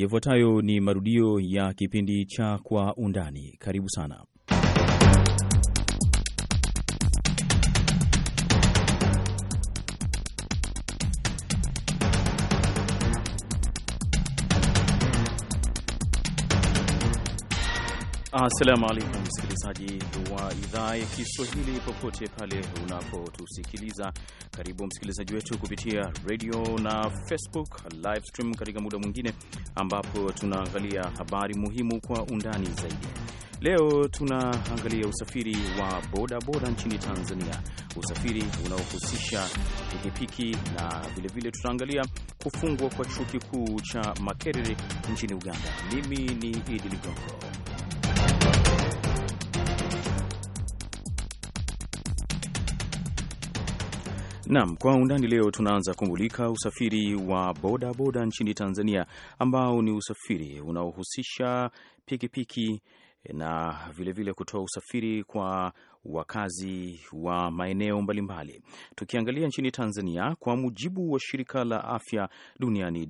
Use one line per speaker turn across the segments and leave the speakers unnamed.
Yafuatayo ni marudio ya kipindi cha Kwa Undani. Karibu sana. Assalamu alaikum msikilizaji wa idhaa ya Kiswahili popote pale unapotusikiliza, karibu msikilizaji wetu kupitia radio na Facebook live stream katika muda mwingine ambapo tunaangalia habari muhimu kwa undani zaidi. Leo tunaangalia usafiri wa bodaboda nchini Tanzania, usafiri unaohusisha pikipiki na vilevile tutaangalia kufungwa kwa chuo kikuu cha Makerere nchini Uganda. Mimi ni Idi Ligongo. Nam, kwa undani leo tunaanza kumulika usafiri wa boda boda nchini Tanzania ambao ni usafiri unaohusisha pikipiki na vilevile kutoa usafiri kwa wakazi wa maeneo mbalimbali. Tukiangalia nchini Tanzania, kwa mujibu wa shirika la afya duniani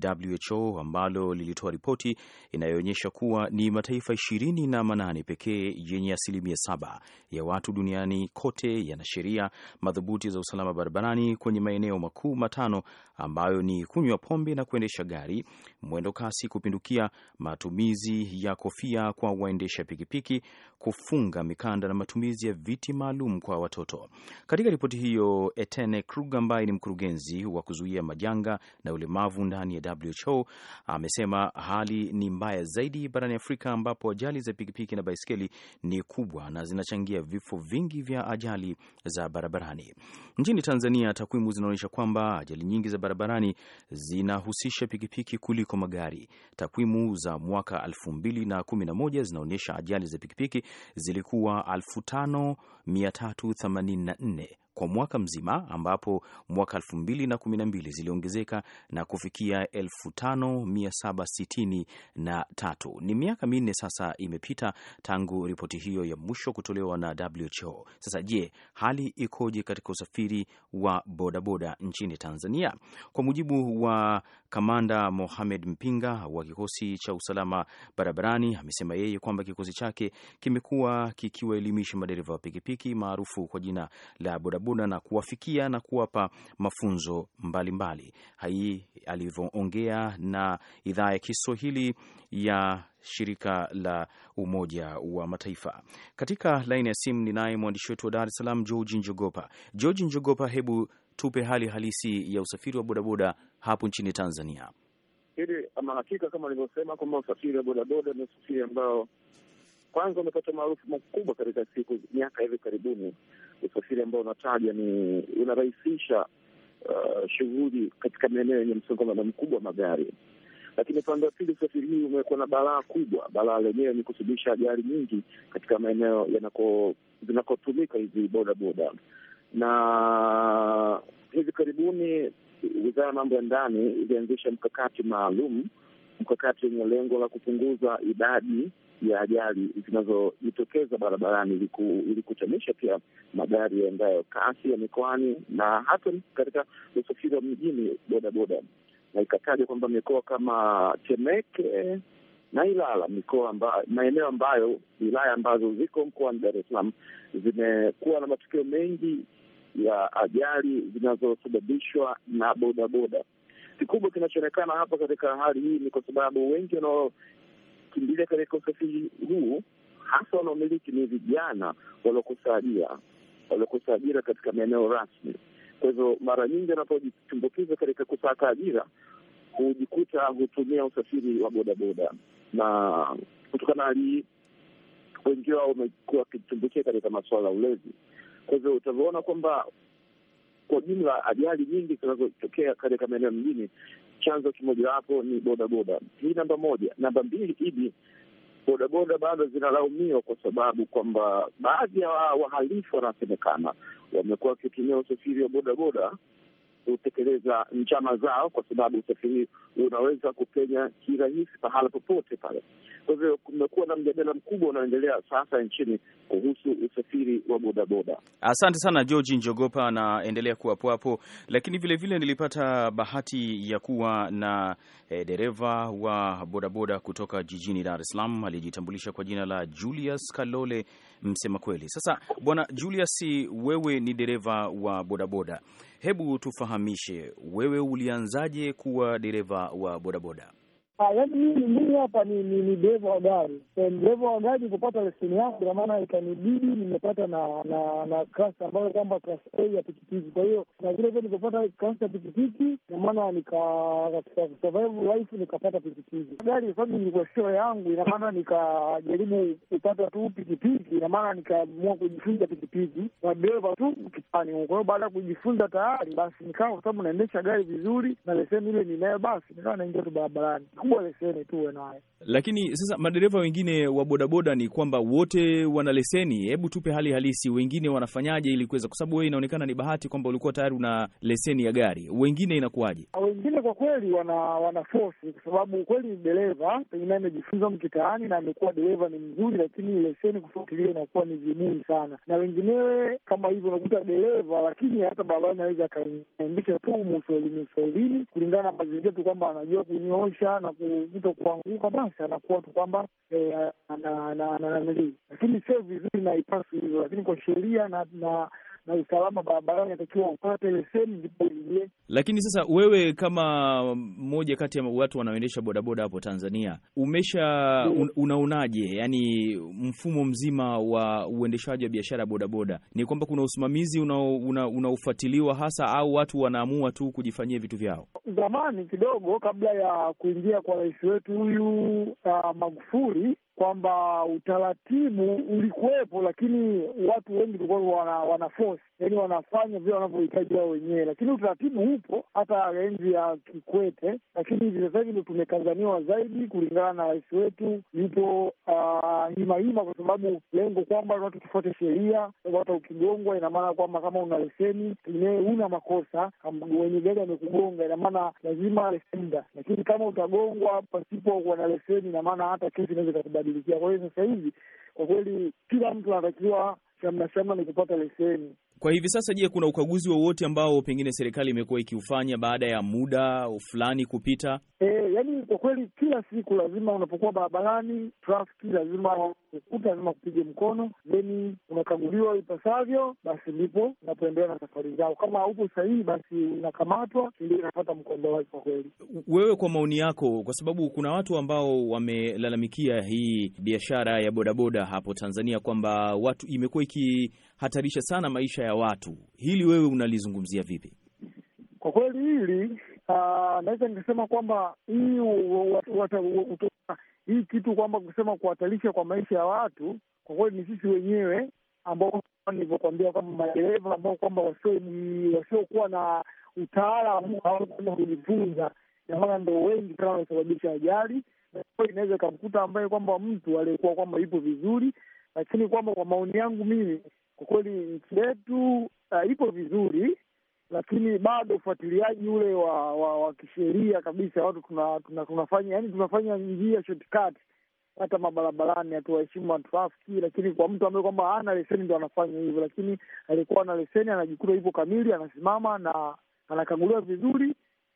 WHO ambalo lilitoa ripoti inayoonyesha kuwa ni mataifa ishirini na manane pekee yenye asilimia saba ya watu duniani kote yana sheria madhubuti za usalama barabarani kwenye maeneo makuu matano ambayo ni kunywa pombe na kuendesha gari, mwendo kasi kupindukia, matumizi ya kofia kwa waendesha pikipiki, kufunga mikanda na matumizi ya vitu viti maalum kwa watoto. Katika ripoti hiyo, Etene Krug ambaye ni mkurugenzi wa kuzuia majanga na ulemavu ndani ya WHO amesema hali ni mbaya zaidi barani Afrika ambapo ajali za pikipiki na baiskeli ni kubwa na zinachangia vifo vingi vya ajali za barabarani. Nchini Tanzania, takwimu zinaonyesha kwamba ajali nyingi za barabarani zinahusisha pikipiki kuliko magari. Takwimu za mwaka 2011 zinaonyesha ajali za pikipiki zilikuwa elfu tano 384 kwa mwaka mzima, ambapo mwaka 2012 ziliongezeka na kufikia 5763. Ni miaka minne sasa imepita tangu ripoti hiyo ya mwisho kutolewa na WHO. Sasa je, hali ikoje katika usafiri wa bodaboda nchini Tanzania? Kwa mujibu wa kamanda Mohamed Mpinga wa kikosi cha usalama barabarani, amesema yeye kwamba kikosi chake kimekuwa kikiwaelimisha madereva wa pikipiki maarufu kwa jina la bodaboda karibu na kuwafikia na kuwapa mafunzo mbalimbali. Hii alivyoongea na idhaa ya Kiswahili ya shirika la Umoja wa Mataifa. Katika laini ya simu ninaye mwandishi wetu wa Dar es Salaam, Georgi Njogopa. Georgi Njogopa, hebu tupe hali halisi ya usafiri wa bodaboda hapo nchini Tanzania.
Hili ama hakika, kama alivyosema kwamba usafiri wa bodaboda ni usafiri ambao kwanza umepata maarufu makubwa katika siku miaka hivi karibuni, usafiri ambao unataja ni unarahisisha uh, shughuli katika maeneo yenye msongamano mkubwa wa magari, lakini upande wa pili, usafiri hii umekuwa na balaa kubwa. Balaa lenyewe ni kusababisha ajali nyingi katika maeneo zinakotumika hizi bodaboda, na hivi karibuni Wizara ya Mambo ya Ndani ilianzisha mkakati maalum, mkakati wenye lengo la kupunguza idadi ya ajali zinazojitokeza barabarani ili kuchamisha pia magari yaendayo kasi ya mikoani na hata katika usafiri wa mjini bodaboda, na ikatajwa kwamba mikoa kama Temeke na Ilala, mikoa amba, maeneo ambayo wilaya ambazo ziko mkoani Dar es Salaam zimekuwa na matukio mengi ya ajali zinazosababishwa na bodaboda. Kikubwa kinachoonekana hapa katika hali hii ni kwa sababu wengi wanao kimbilia katika usafiri huu, hasa wanaomiliki ni vijana waliokosa ajira, waliokosa ajira katika maeneo rasmi. Kwa hivyo mara nyingi anapojitumbukiza katika kusaka ajira hujikuta hutumia usafiri wa bodaboda, na kutokana na hii wengi wao wamekuwa wakitumbukia katika masuala ya ulezi. Kwa hivyo utavyoona kwamba kwa jumla ajali nyingi zinazotokea katika maeneo mjini chanzo kimojawapo ni bodaboda. Hii namba moja. Namba mbili, idi bodaboda bado zinalaumiwa kwa sababu kwamba baadhi ya wahalifu wanasemekana wamekuwa wakitumia usafiri wa bodaboda kutekeleza njama zao, kwa sababu usafiri unaweza kupenya kirahisi pahala popote pale. Kwa hivyo kumekuwa na mjadala mkubwa unaoendelea sasa nchini kuhusu usafiri wa bodaboda.
Asante sana George Njogopa, naendelea kuwapo hapo, lakini vilevile nilipata bahati ya kuwa na e, dereva wa bodaboda kutoka jijini Dar es Salaam aliyejitambulisha kwa jina la Julius Kalole msema kweli. Sasa bwana Julius, wewe ni dereva wa bodaboda, hebu tufahamishe, wewe ulianzaje kuwa dereva wa bodaboda?
yaani
mimi mimi hapa ni ni dereva wa gari, dereva wa gari kupata leseni yangu, kwa maana ikanibidi nimepata na na na ambayo kwamba klasi A ya pikipiki. Kwa hiyo na vile vile nikupata klasi ya pikipiki, kwa maana nika katika survive life nikapata pikipiki gari, kwa sababu ilikuwa sio yangu, ina maana nikajaribu kupata tu pikipiki, ina maana nikaamua kujifunza pikipiki na dereva tu kipani Kwa hiyo baada ya kujifunza tayari, basi nikawa, kwa sababu naendesha gari vizuri na leseni ile ninayo, basi nikawa naingia tu barabarani kubwa leseni tu uwe
Lakini sasa madereva wengine wa bodaboda ni kwamba wote wana leseni. Hebu tupe hali halisi, wengine wanafanyaje ili kuweza, kwa sababu wewe inaonekana ni bahati kwamba ulikuwa tayari una leseni ya gari, wengine inakuwaje?
Wengine kwa kweli wana wana fosi, kwa sababu kweli ni dereva, pengine amejifunza mkitaani na amekuwa dereva ni mzuri, lakini leseni kufuatilia inakuwa ni vigumu sana, na wenginewe kama hivyo unakuta dereva, lakini hata barabarani anaweza akaingisha tu muswahilini swahilini, kulingana na mazingira tu kwamba anajua kunyosha na wito kuanguka basi anakuwa tu kwamba ananilii, lakini sio vizuri, na ipaswi hivyo, lakini kwa sheria na na usalama barabarani natakiwa upate leseni ndipo uingie.
Lakini sasa wewe kama mmoja kati ya watu wanaoendesha bodaboda hapo Tanzania, umesha un, unaonaje yani mfumo mzima wa uendeshaji wa biashara ya bodaboda? Ni kwamba kuna usimamizi unaofuatiliwa una, una hasa au watu wanaamua tu kujifanyia vitu vyao?
Zamani kidogo kabla ya kuingia kwa rais wetu huyu uh, Magufuli kwamba utaratibu ulikuwepo, lakini watu wengi walikuwa wana, wana force, yani wanafanya vile wanavyohitaji wao wenyewe, lakini utaratibu upo hata enzi ya Kikwete. Lakini hivi sasa hivi ndo tumekazaniwa zaidi kulingana na rais wetu yupo himahima, kwa sababu lengo kwamba watu tufuate sheria. Hata ukigongwa, ina maana kwamba kama una leseni pengine una makosa, wenye gari amekugonga, ina maana lazima lesenda, lakini kama utagongwa pasipo kuwa na leseni, ina maana hata kesi inaweza kubadilikia. Kwa hiyo sasa hivi kwa kweli kila mtu anatakiwa chamnachama ni kupata leseni
kwa hivi sasa, je, kuna ukaguzi wowote ambao pengine serikali imekuwa ikiufanya baada ya muda fulani kupita?
E, eh, yani kwa kweli kila siku lazima unapokuwa barabarani trafiki, lazima ukuta, lazima kupige mkono, theni unakaguliwa ipasavyo, basi ndipo unapoendelea na safari zao. Kama upo sahihi, basi unakamatwa, ndio inapata mkondo wake. Kwa kweli,
wewe, kwa maoni yako, kwa sababu kuna watu ambao wamelalamikia hii biashara ya bodaboda hapo Tanzania kwamba watu imekuwa iki hatarisha sana maisha ya watu. Hili wewe unalizungumzia vipi?
Kwa kweli hili ah, naweza nikasema kwamba hii hii kitu kwamba kusema kuhatarisha kwa maisha ya watu, kwa kweli ni sisi wenyewe ambao nilivyokwambia kwamba madereva ambao kwamba wasiokuwa na utaalamu hawakuweza kujifunza, na maana ndo wengi sana wanasababisha ajali. Inaweza ikamkuta ambaye kwamba mtu aliyekuwa kwamba ipo vizuri, lakini kwamba kwa maoni yangu mimi kwa kweli nchi yetu uh, ipo vizuri, lakini bado ufuatiliaji ule wa, wa, wa kisheria kabisa, watu tunafanya tuna, tunafanya yani tunafanya njia shortcut hata mabarabarani hatuwaheshimu watrafiki, lakini kwa mtu ambaye kwamba ana leseni ndo anafanya hivyo, lakini alikuwa na leseni, anajikuta ipo kamili, anasimama na anakaguliwa vizuri,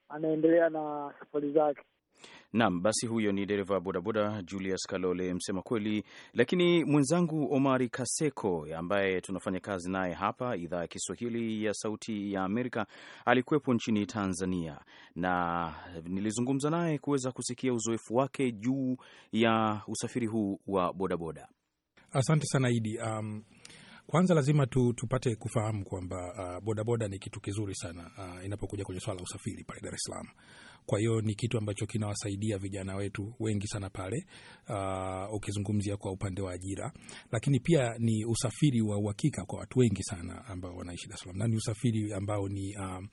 anaendelea na safari zake.
Naam, basi huyo ni dereva bodaboda Julius Kalole, msema kweli. Lakini mwenzangu Omari Kaseko ambaye tunafanya kazi naye hapa idhaa ya Kiswahili ya Sauti ya Amerika alikuwepo nchini Tanzania na nilizungumza naye kuweza kusikia uzoefu wake juu ya usafiri huu wa bodaboda.
Asante sana Idi. Um, kwanza lazima tu, tupate kufahamu kwamba uh, bodaboda ni kitu kizuri sana uh, inapokuja kwenye swala la usafiri pale Dar es Salaam. Kwa hiyo ni kitu ambacho kinawasaidia vijana wetu wengi sana pale, uh, ukizungumzia kwa upande wa ajira, lakini pia ni usafiri wa uhakika kwa watu wengi sana ambao wanaishi Dar es Salaam na ni usafiri ambao ni, uh,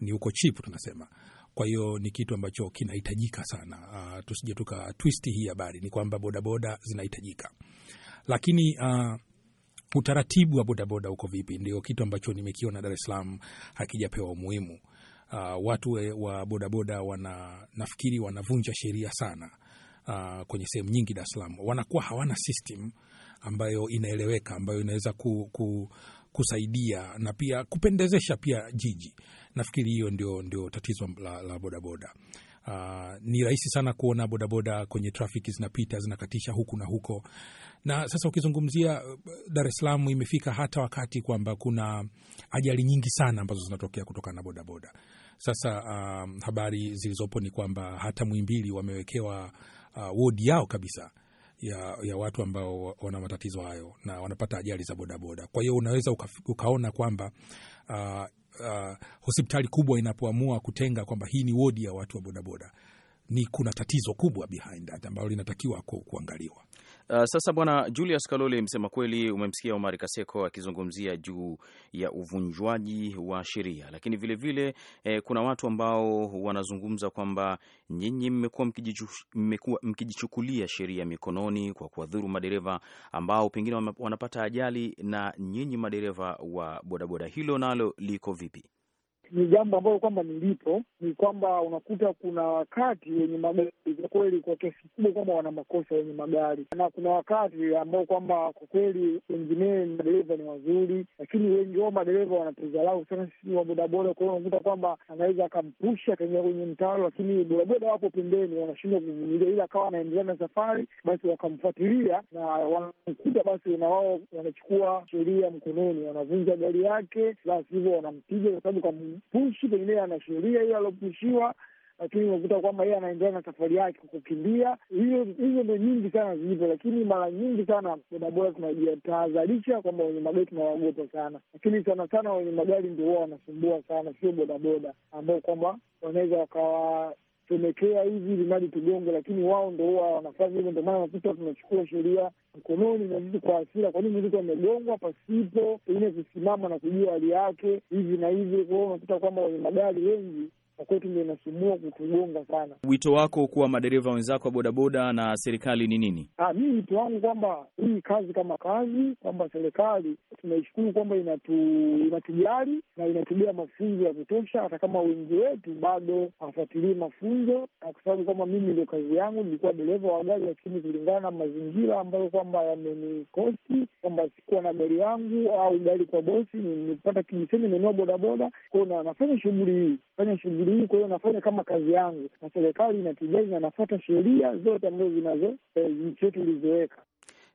ni uko chip tunasema kwa hiyo ni kitu ambacho kinahitajika sana. Uh, tusije tuka twist hii habari, ni kwamba bodaboda zinahitajika, lakini uh, utaratibu wa bodaboda huko vipi? Ndio kitu ambacho nimekiona Dar es Salaam hakijapewa umuhimu. Uh, watu wa bodaboda wana, nafikiri wanavunja sheria sana uh, kwenye sehemu nyingi Dar es Salaam wanakuwa hawana system ambayo inaeleweka ambayo inaweza ku, ku, kusaidia na pia kupendezesha pia jiji. Nafikiri hiyo ndio, ndio tatizo la, la bodaboda. Uh, ni rahisi sana kuona bodaboda kwenye trafiki zinapita zinakatisha huku na huko, na sasa ukizungumzia uh, Dar es Salaam imefika hata wakati kwamba kuna ajali nyingi sana ambazo zinatokea kutokana na bodaboda. Sasa um, habari zilizopo ni kwamba hata mwimbili wamewekewa uh, wodi yao kabisa ya, ya watu ambao wana matatizo hayo na wanapata ajali za bodaboda. Kwa hiyo unaweza uka, ukaona kwamba uh, uh, hospitali kubwa inapoamua kutenga kwamba hii ni wodi ya watu wa bodaboda, ni kuna tatizo kubwa behind that ambalo linatakiwa ku, kuangaliwa.
Uh, sasa Bwana Julius Kalole, msema kweli, umemsikia Omar Kaseko akizungumzia juu ya uvunjwaji wa sheria, lakini vilevile vile, eh, kuna watu ambao wanazungumza kwamba nyinyi mmekuwa mkijichukulia sheria mikononi kwa kuwadhuru madereva ambao pengine wanapata ajali na nyinyi madereva wa bodaboda, hilo nalo liko vipi?
ni jambo ambayo kwamba nilipo ni kwamba unakuta kuna wakati wenye magari kwa kweli, kwa kiasi kubwa kwamba wana makosa wenye magari, na kuna wakati ambao kwamba kwa kweli wenginee madereva ni wazuri, lakini wengi wao madereva wanatuzalau sana sisi wa bodaboda. Kwa hiyo unakuta kwamba anaweza akampusha akaingia kwenye mtaro, lakini bodaboda wapo pembeni, wanashindwa kuvumilia, ila akawa anaendelea na safari, basi wakamfuatilia na wanamkuta, basi na wao wanachukua sheria mkononi, wanavunja gari yake, basi hivyo wanampiga kwa sababu pushi pengine anashuhuria hiyo alopushiwa, lakini unakuta kwamba yeye anaendelea na safari yake kukimbia. hizo ndo nyingi sana zipo, lakini mara nyingi sana bodaboda tunajitahadharisha kwamba wenye magari tunawaogopa sana, lakini sana sana wenye magari ndio huwa wanasumbua sana, sio bodaboda ambao kwamba wanaweza wakawa kututemekea hivi ili tugonge, lakini wao ndo huwa wanafanya hivyo. Ndio maana tunachukua sheria mkononi na sisi kwa hasira, kwa nini mtu amegongwa pasipo pengine kusimama na kujua hali yake hivi na hivi. Kwa hiyo unakuta kwamba wenye magari wengi kwa kweli ndio inasumbua kutugonga sana.
Wito wako kuwa madereva wenzako wa bodaboda na serikali ni nini?
Ah, mi wito wangu kwamba hii kazi kama kazi, kwamba serikali tunaishukuru kwamba inatu inatujali na inatubia mafunzo ya kutosha, hata kama wengi wetu bado hafuatilii mafunzo, na kwa sababu kwamba mimi ndio kazi yangu, nilikuwa dereva wa gari, lakini kulingana na mazingira ambayo kwamba yamenikosti kwamba sikuwa na gari yangu au gari kwa bosi, nimepata kijisemi nanua bodaboda kwao, na nafanya shughuli hii, fanya shughuli hii. Kwa hiyo nafanya kama kazi yangu, na serikali inatujali na nafata sheria zote ambazo zinazo eh, nchi yetu ilizoweka.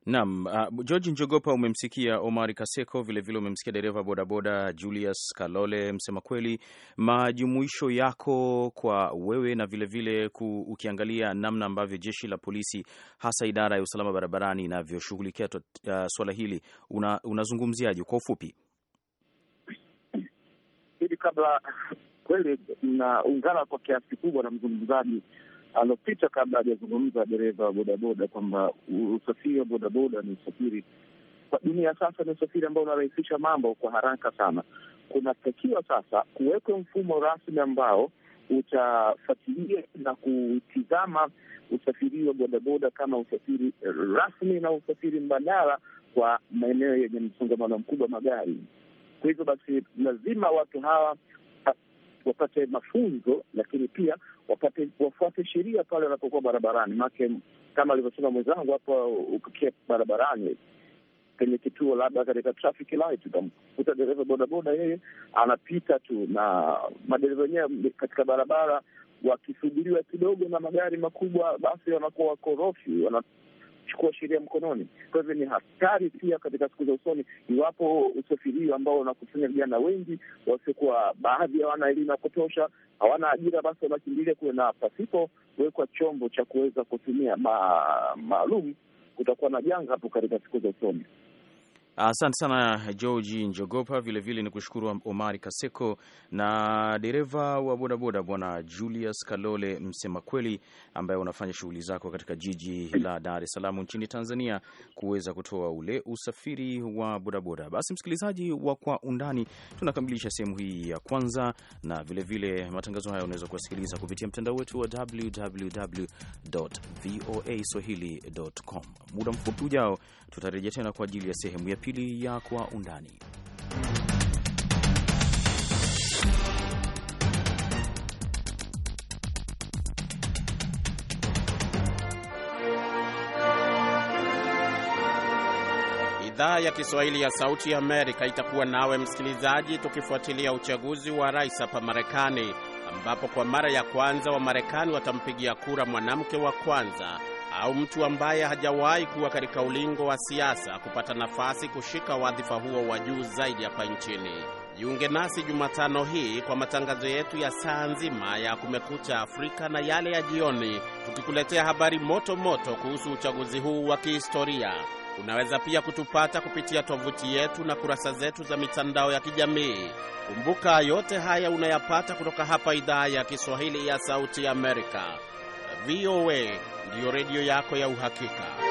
Naam, uh, George Njogopa, umemsikia Omari Kaseko, vilevile umemsikia dereva bodaboda Julius Kalole. Msema kweli, majumuisho yako kwa wewe na vilevile vile ukiangalia namna ambavyo jeshi la polisi hasa idara ya usalama barabarani inavyoshughulikia uh, swala hili unazungumziaje? kwa ufupi
Hili kabla kweli naungana kwa kiasi kikubwa na mzungumzaji alopita kabla hajazungumza dereva wa bodaboda kwamba usafiri wa bodaboda ni usafiri kwa dunia sasa, ni usafiri ambao unarahisisha mambo kwa haraka sana. Kunatakiwa sasa kuwekwe mfumo rasmi ambao utafuatilia na kutizama usafiri wa bodaboda kama usafiri rasmi na usafiri mbadala kwa maeneo yenye msongamano mkubwa magari. Kwa hivyo basi, lazima watu hawa wapate mafunzo, lakini pia wapate wafuate sheria pale wanapokuwa barabarani. Maanake kama alivyosema mwenzangu hapa, ukikia barabarani kwenye kituo labda katika traffic light utamkuta dereva bodaboda, yeye anapita tu, na madereva wenyewe katika barabara wakisubiriwa kidogo na magari makubwa, basi wanakuwa wakorofi, wana kuchukua sheria mkononi. Kwa hivyo ni hatari pia katika siku za usoni, iwapo usafiri ambao unakusanya vijana wengi wasiokuwa, baadhi hawana elimu ya kutosha, hawana ajira, basi wanakimbilia kuwe na pasipo kuwekwa chombo cha kuweza kutumia maalum, kutakuwa na janga hapo katika siku za usoni.
Asante sana Georgi Njogopa, vilevile ni kushukuru Omari Kaseko na dereva wa bodaboda Bwana Julius Kalole msema kweli, ambaye unafanya shughuli zako katika jiji la Dar es Salaam nchini Tanzania, kuweza kutoa ule usafiri wa bodaboda. Basi msikilizaji wa Kwa Undani, tunakamilisha sehemu hii ya kwanza, na vilevile vile matangazo haya unaweza kuwasikiliza kupitia mtandao wetu wa www voa swahili.com. Muda mfupi ujao Tutarejea tena kwa ajili ya sehemu ya pili ya Kwa Undani. Idhaa ya Kiswahili ya Sauti ya Amerika itakuwa nawe msikilizaji, tukifuatilia uchaguzi wa rais hapa Marekani, ambapo kwa mara ya kwanza Wamarekani watampigia kura mwanamke wa kwanza au mtu ambaye hajawahi kuwa katika ulingo wa siasa kupata nafasi kushika wadhifa huo wa juu zaidi hapa nchini. Jiunge nasi Jumatano hii kwa matangazo yetu ya saa nzima ya Kumekucha Afrika na yale ya jioni, tukikuletea habari moto moto kuhusu uchaguzi huu wa kihistoria. Unaweza pia kutupata kupitia tovuti yetu na kurasa zetu za mitandao ya kijamii. Kumbuka, yote haya unayapata kutoka hapa idhaa ya Kiswahili ya Sauti Amerika. VOA ndiyo redio yako ya uhakika.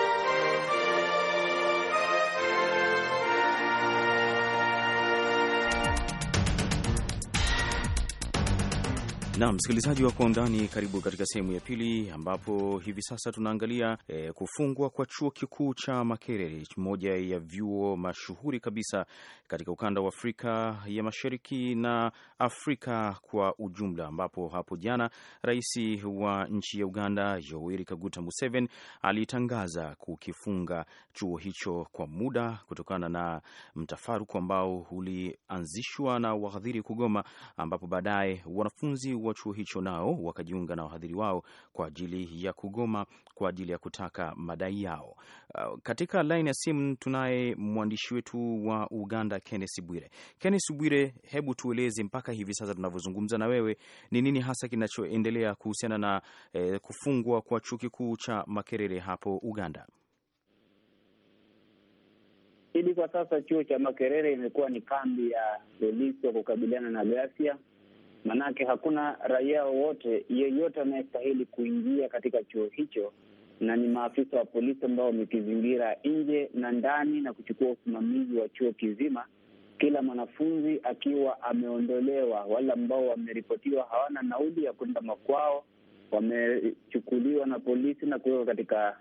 Na msikilizaji wa Kwa Undani, karibu katika sehemu ya pili, ambapo hivi sasa tunaangalia e, kufungwa kwa chuo kikuu cha Makerere, moja ya vyuo mashuhuri kabisa katika ukanda wa Afrika ya Mashariki na Afrika kwa ujumla, ambapo hapo jana rais wa nchi ya Uganda Yoweri Kaguta Museveni alitangaza kukifunga chuo hicho kwa muda kutokana na mtafaruku ambao ulianzishwa na wahadhiri kugoma, ambapo baadaye wanafunzi wa chuo hicho nao wakajiunga na wahadhiri wao kwa ajili ya kugoma kwa ajili ya kutaka madai yao. Uh, katika laini ya simu tunaye mwandishi wetu wa Uganda Kennes Bwire. Kennes Bwire, hebu tueleze mpaka hivi sasa tunavyozungumza na wewe, ni nini hasa kinachoendelea kuhusiana na eh, kufungwa kwa chuo kikuu cha Makerere hapo Uganda?
Hivi kwa sasa chuo cha Makerere imekuwa ni kambi ya polisi wa kukabiliana na ghasia Manake hakuna raia wowote yeyote anayestahili kuingia katika chuo hicho, na ni maafisa wa polisi ambao wamekizingira nje na ndani na kuchukua usimamizi wa chuo kizima, kila mwanafunzi akiwa ameondolewa. Wale ambao wameripotiwa hawana nauli ya kwenda makwao wamechukuliwa na polisi na kuwekwa katika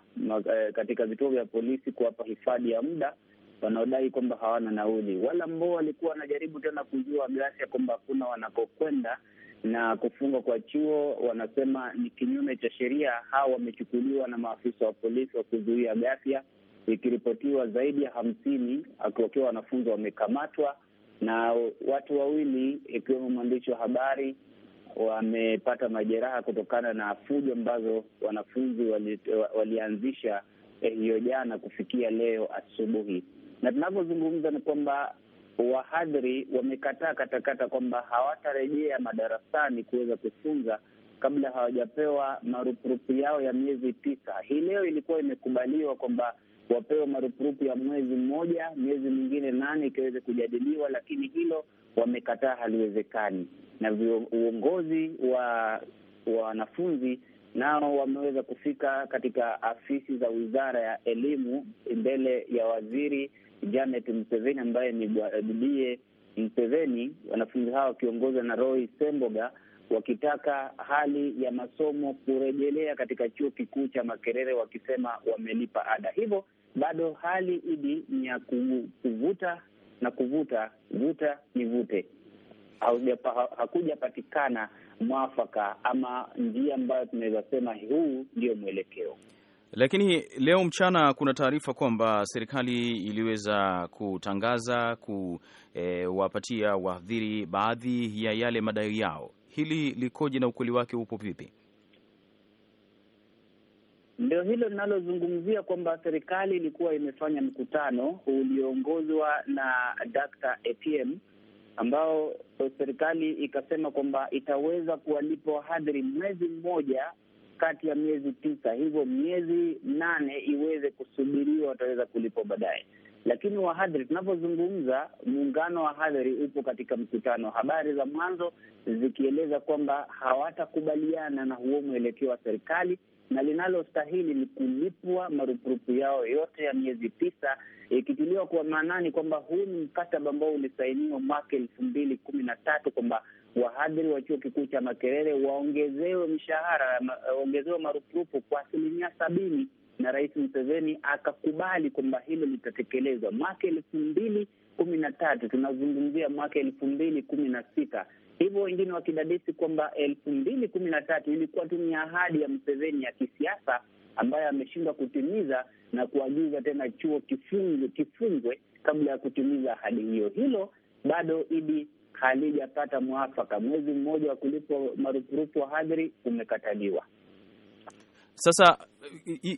eh, katika vituo vya polisi kuwapa hifadhi ya muda wanaodai kwamba hawana nauli, wala ambao walikuwa wanajaribu tena kujua ghasia kwamba hakuna wanakokwenda na kufungwa kwa chuo, wanasema ni kinyume cha sheria. Hawa wamechukuliwa na maafisa wa polisi wa kuzuia ghasia, ikiripotiwa zaidi ya hamsini wakiwa wanafunzi wamekamatwa, na watu wawili ikiwemo mwandishi wa habari wamepata majeraha kutokana na fujo ambazo wanafunzi walianzisha wali eh, hiyo jana kufikia leo asubuhi na tunavyozungumza ni kwamba wahadhiri wamekataa katakata kwamba hawatarejea madarasani kuweza kufunza kabla hawajapewa marupurupu yao ya miezi tisa. Hii leo ilikuwa imekubaliwa kwamba wapewe marupurupu ya mwezi mmoja, miezi mingine nane ikiweze kujadiliwa, lakini hilo wamekataa, haliwezekani. Na uongozi wa wanafunzi nao wameweza kufika katika afisi za wizara ya elimu mbele ya waziri Janet Mseveni ambaye ni bibie Mseveni, wanafunzi hao wakiongozwa na Roy Semboga wakitaka hali ya masomo kurejelea katika chuo kikuu cha Makerere, wakisema wamelipa ada. Hivyo bado hali hidi ni ya kuvuta na kuvuta, vuta ni vute, hakujapatikana mwafaka ama njia ambayo tunaweza sema huu ndio mwelekeo.
Lakini leo mchana kuna taarifa kwamba serikali iliweza kutangaza kuwapatia eh, e, wahadhiri baadhi ya yale madai yao. Hili likoje na ukweli wake upo vipi?
Ndio hilo linalozungumzia kwamba serikali ilikuwa imefanya mkutano ulioongozwa na Dr. atm ambao serikali ikasema kwamba itaweza kuwalipa wahadhiri mwezi mmoja kati ya miezi tisa, hivyo miezi nane iweze kusubiriwa, wataweza kulipwa baadaye. Lakini wahadhiri, tunavyozungumza, muungano wa hadhiri upo katika mkutano, habari za mwanzo zikieleza kwamba hawatakubaliana na huo mwelekeo wa serikali na linalostahili ni kulipwa marupurupu yao yote ya miezi tisa ikitiliwa kwa maanani kwamba huu ni mkataba ambao ulisainiwa mwaka elfu mbili kumi na tatu kwamba wahadhiri wa chuo kikuu cha Makerere waongezewe mshahara, waongezewe marupurupu kwa asilimia sabini na Rais Museveni akakubali kwamba hilo litatekelezwa mwaka elfu mbili kumi na tatu. Tunazungumzia mwaka elfu mbili kumi na sita hivyo wengine wakidadisi kwamba elfu mbili kumi na tatu ilikuwa tu ni ahadi ya Museveni ya kisiasa ambayo ameshindwa kutimiza na kuagiza tena chuo kifungwe, kifungwe kabla ya kutimiza ahadi hiyo. Hilo bado idi halijapata mwafaka. Mwezi mmoja wa kulipwa marupurupu hadhiri umekataliwa.
Sasa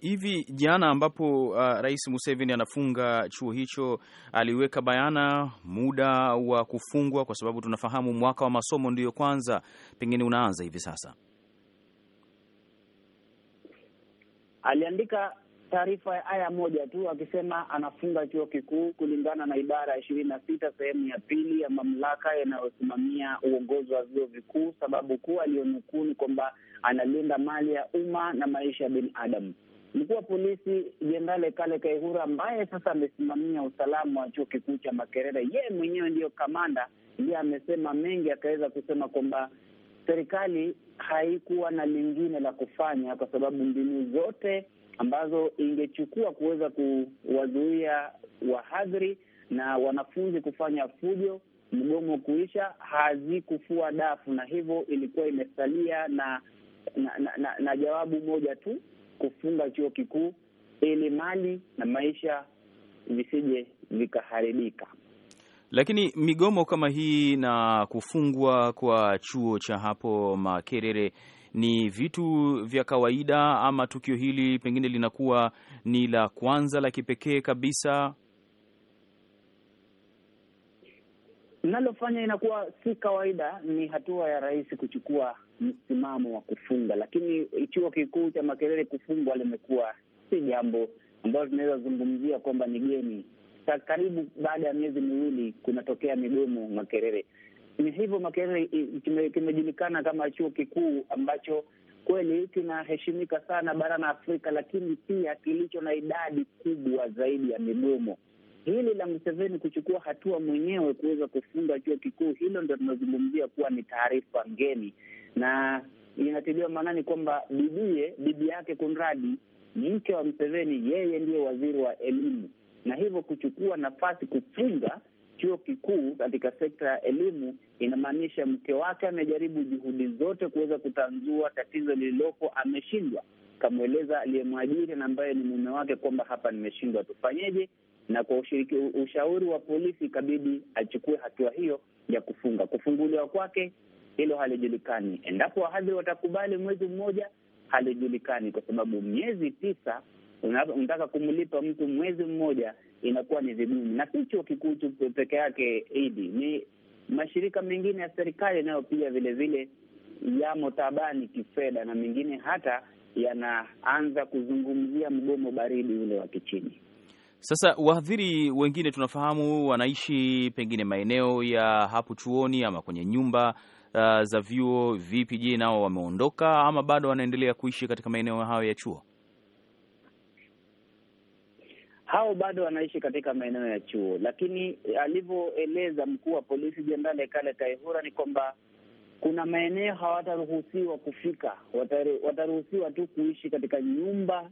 hivi jana ambapo uh, Rais Museveni anafunga chuo hicho aliweka bayana muda wa kufungwa, kwa sababu tunafahamu mwaka wa masomo ndiyo kwanza pengine unaanza hivi sasa.
aliandika taarifa ya aya moja tu akisema anafunga chuo kikuu kulingana na ibara ya ishirini na sita sehemu ya pili ya mamlaka yanayosimamia uongozi wa vyuo vikuu. Sababu kuu aliyonukuu ni kwamba analinda mali ya umma na maisha ya binadamu. Mkuu wa polisi Jenerali Kale Kaihura, ambaye sasa amesimamia usalama wa chuo kikuu cha Makerere, yeye mwenyewe ndiyo kamanda, ndiye amesema mengi, akaweza kusema kwamba serikali haikuwa na lingine la kufanya, kwa sababu mbinu zote ambazo ingechukua kuweza kuwazuia wahadhiri na wanafunzi kufanya fujo, mgomo kuisha, hazikufua dafu, na hivyo ilikuwa imesalia na
na, na, na na
jawabu moja tu, kufunga chuo kikuu ili mali na maisha visije vikaharibika.
Lakini migomo kama hii na kufungwa kwa chuo cha hapo Makerere ni vitu vya kawaida ama tukio hili pengine linakuwa ni la kwanza la kipekee kabisa
linalofanya inakuwa si kawaida? Ni hatua ya rais kuchukua msimamo wa kufunga, lakini chuo kikuu cha Makerere kufungwa limekuwa si jambo ambalo tunaweza zungumzia kwamba ni geni karibu baada ya miezi miwili kunatokea migomo Makerere. Ni hivyo Makerere kimejulikana kama chuo kikuu ambacho kweli kinaheshimika sana barani Afrika, lakini pia kilicho na idadi kubwa zaidi ya migomo. Hili la Museveni kuchukua hatua mwenyewe kuweza kufunga chuo kikuu hilo, ndo tunazungumzia kuwa ni taarifa ngeni, na inatiliwa maanani kwamba bibie, bibi yake kunradi mke wa Museveni, yeye ndiye waziri wa elimu na hivyo kuchukua nafasi kufunga chuo kikuu katika sekta ya elimu. Inamaanisha mke wake amejaribu juhudi zote kuweza kutanzua tatizo lililopo, ameshindwa. Kamweleza aliyemwajiri na ambaye ni mume wake kwamba hapa nimeshindwa, tufanyeje? Na kwa ushiriki, ushauri wa polisi ikabidi achukue hatua hiyo ya kufunga. Kufunguliwa kwake hilo halijulikani, endapo wahadhiri watakubali mwezi mmoja halijulikani, kwa sababu miezi tisa unataka kumlipa mtu mwezi mmoja inakuwa ni vigumu, na si chuo kikuu tu peke yake, idi ni mashirika mengine ya serikali nayo pia vilevile yamo tabani kifedha, na mengine hata yanaanza kuzungumzia mgomo baridi ule wa kichini.
Sasa wahadhiri wengine tunafahamu wanaishi pengine maeneo ya hapo chuoni ama kwenye nyumba uh, za vyuo vipi? Je, nao wameondoka ama bado wanaendelea kuishi katika maeneo hayo ya chuo?
Hao bado wanaishi katika maeneo ya chuo, lakini alivyoeleza mkuu wa polisi Jenerali Kale Kaihura ni kwamba kuna maeneo hawataruhusiwa kufika, wataruhusiwa tu kuishi katika nyumba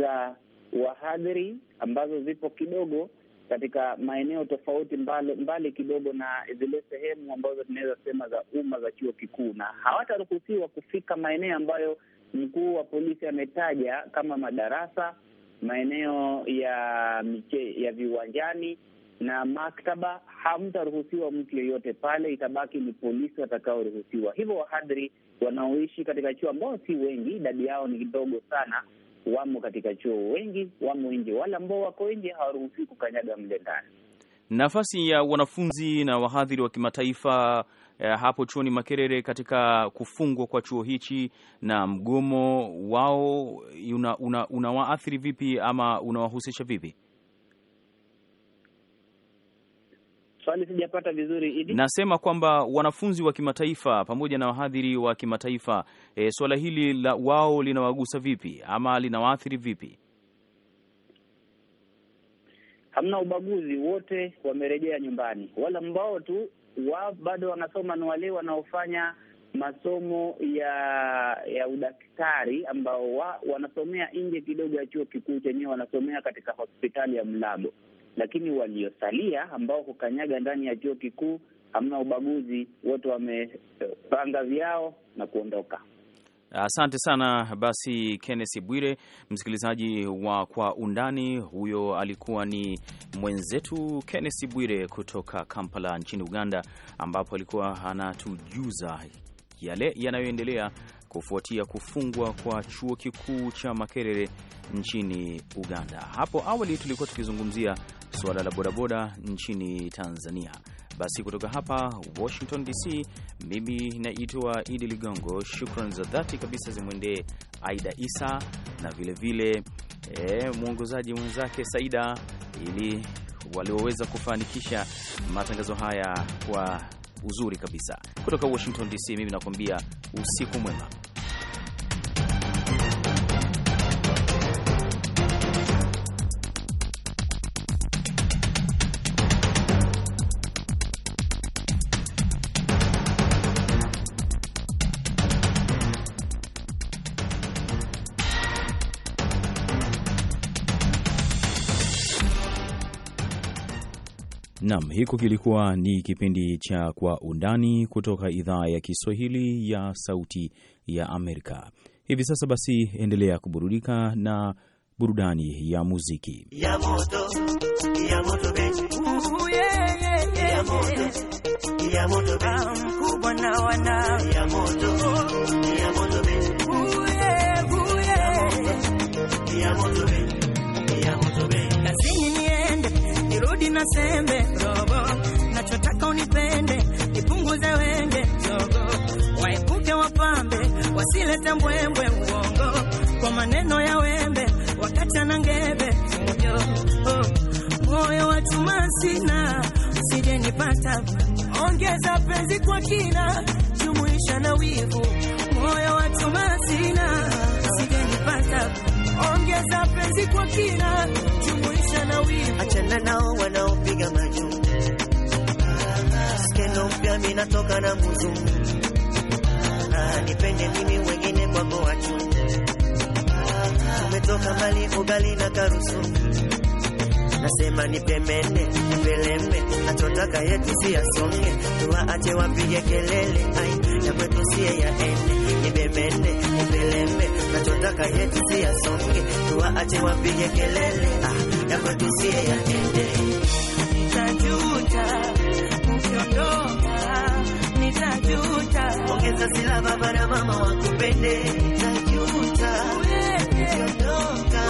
za wahadhiri ambazo zipo kidogo katika maeneo tofauti mbali, mbali kidogo na zile sehemu ambazo tunaweza sema za umma za chuo kikuu, na hawataruhusiwa kufika maeneo ambayo mkuu wa polisi ametaja kama madarasa, maeneo ya miche, ya viwanjani na maktaba. Hamtaruhusiwa mtu yeyote pale, itabaki ni polisi watakaoruhusiwa. Hivyo wahadhiri wanaoishi katika chuo ambao si wengi, idadi yao ni kidogo sana, wamo katika chuo wengi wamo nje, wala ambao wako nje hawaruhusi kukanyaga mle ndani.
Nafasi ya wanafunzi na wahadhiri wa kimataifa eh, hapo chuoni Makerere katika kufungwa kwa chuo hichi na mgomo wao una, una, unawaathiri vipi ama unawahusisha vipi?
Swali sijapata vizuri Idi.
Nasema kwamba wanafunzi wa kimataifa pamoja na wahadhiri wa kimataifa e, swala hili la wao linawagusa vipi ama linawaathiri vipi?
Hamna ubaguzi, wote wamerejea nyumbani. Wale ambao tu wa bado wanasoma ni wale wanaofanya masomo ya ya udaktari ambao wa, wanasomea nje kidogo ya chuo kikuu chenyewe, wanasomea katika hospitali ya Mlago lakini waliosalia ambao hukanyaga ndani ya chuo kikuu hamna ubaguzi, wote wamepanga vyao na kuondoka.
Asante sana basi, kennesi Bwire, msikilizaji wa Kwa Undani. Huyo alikuwa ni mwenzetu kennesi Bwire kutoka Kampala nchini Uganda, ambapo alikuwa anatujuza yale yanayoendelea kufuatia kufungwa kwa chuo kikuu cha Makerere nchini Uganda. Hapo awali tulikuwa tukizungumzia suala la bodaboda nchini Tanzania. Basi kutoka hapa Washington DC, mimi naitwa Idi Ligongo. shukran za dhati kabisa zimwendee Aida Isa na vilevile e, eh, mwongozaji mwenzake Saida ili walioweza kufanikisha matangazo haya kwa uzuri kabisa. Kutoka Washington DC, mimi nakwambia usiku mwema. Nam, hiko kilikuwa ni kipindi cha Kwa Undani kutoka idhaa ya Kiswahili ya Sauti ya Amerika. Hivi sasa basi, endelea kuburudika na burudani ya muziki
ya moto, ya moto yeah, yeah, yeah. ya moto sina sembe robo, nachotaka unipende, nipunguze wenge zogo, waepuke wapambe, wasilete mbwembwe uongo, kwa maneno ya wembe, wakati ana ngebe ujo oh, moyo oh, watuma sina, usije nipata, ongeza penzi kwa kina, jumuisha na wivu, moyo watuma sina, usije nipata ongeza penzi kwa kina, jumuisha na wivu, achana nao wanaopiga majuu. Skendo mpya natoka na muzu, nipende mimi wengine kwako wachu, umetoka mbali ugali na karusu Nasema nipemene peleme atotaka yetu siyasonge tuwaache wapige kelele, ai ya kwetu ni yaende Mipaka yetu siyasonge, tuwaache wapige kelele, ah, ya kwetu siye yaende. Nitajuta ukiondoka, nitajuta. Ongeza silaha baba na mama wakupende. Nitajuta ukiondoka,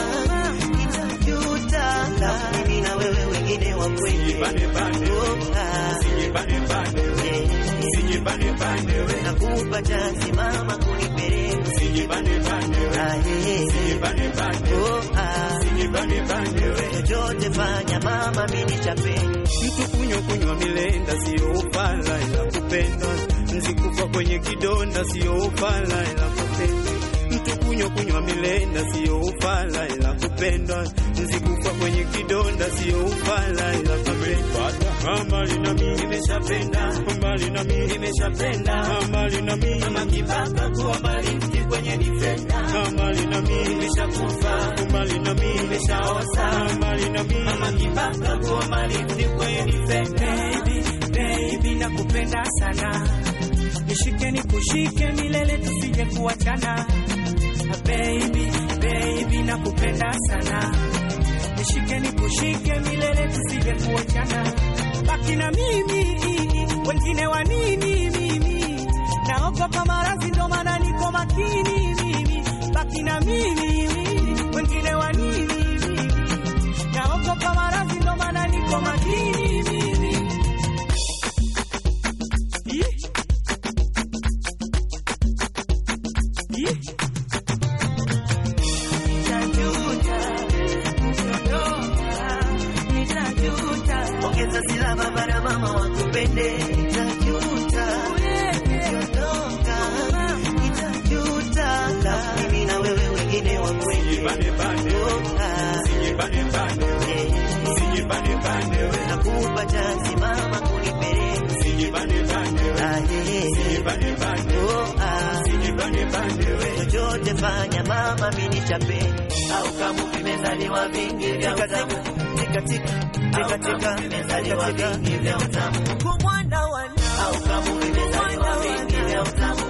nitajuta. Na mimi na wewe wengine wakwende. Nakupa chansi mama kunipeleka chochote mama, mimi mtu kunywa kunywa milenda, sio upala ila kupenda. Mzikufa kwenye kidonda, sio upala ila kupenda. Mtu kunywa kunywa milenda, sio upala ila kupenda nzikufa kwenye kidonda, sio upala ila kapenda mama lina mimi nimeshapenda, mama lina mimi nimeshapenda, mama lina mimi mama kwa kuwa bariki kwenye nipenda, mama lina mimi nimeshakufa, mama lina mimi nimeshaosa, mama lina mimi mama kwa kuwa bariki kwenye nipenda. baby baby nakupenda sana, nishike nikushike milele tusije kuachana Baby, baby, nakupenda sana, nishike nikushike milele, tusije kuachana, baki na mimi, wengine wa nini? Mimi naogopa maradhi, ndo maana niko makini mimi, baki na mimi, wengine wa nini? Naogopa maradhi, ndo maana niko makini Ongeza silaba bara mama wakupende, itajuta ukiondoka, itajuta mimi na wewe wengine wakwende, eh. nakupa chansi mama ah, chochote fanya mama mini chape au kama umezaliwa vingi vya imekatika imekatika imekatika kwa mwana wa au kama umezaliwa vingi vya utamu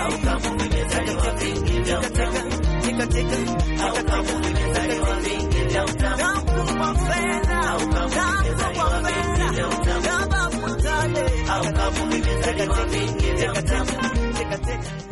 au kama umezaliwa vingi vya utamu imekatika au kama umezaliwa vingi vya utamu kwa fedha au kama umezaliwa vingi vya utamu kama mtale au kama umezaliwa vingi vya utamu imekatika